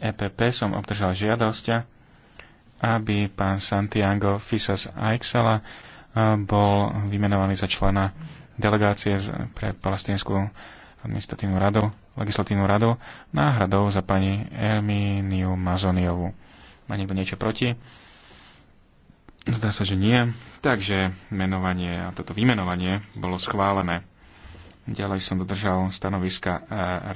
EPP som obdržal žiadosť, aby pán Santiago Fisas Aixala e, bol vymenovaný za člena delegácie pre palestinskú administratívnu radu, legislatívnu radu, náhradou za pani Ermíniu Mazoniovu. Má niekto niečo proti? Zdá sa, že nie. Takže menovanie a toto vymenovanie bolo schválené. Ďalej som dodržal stanoviska e,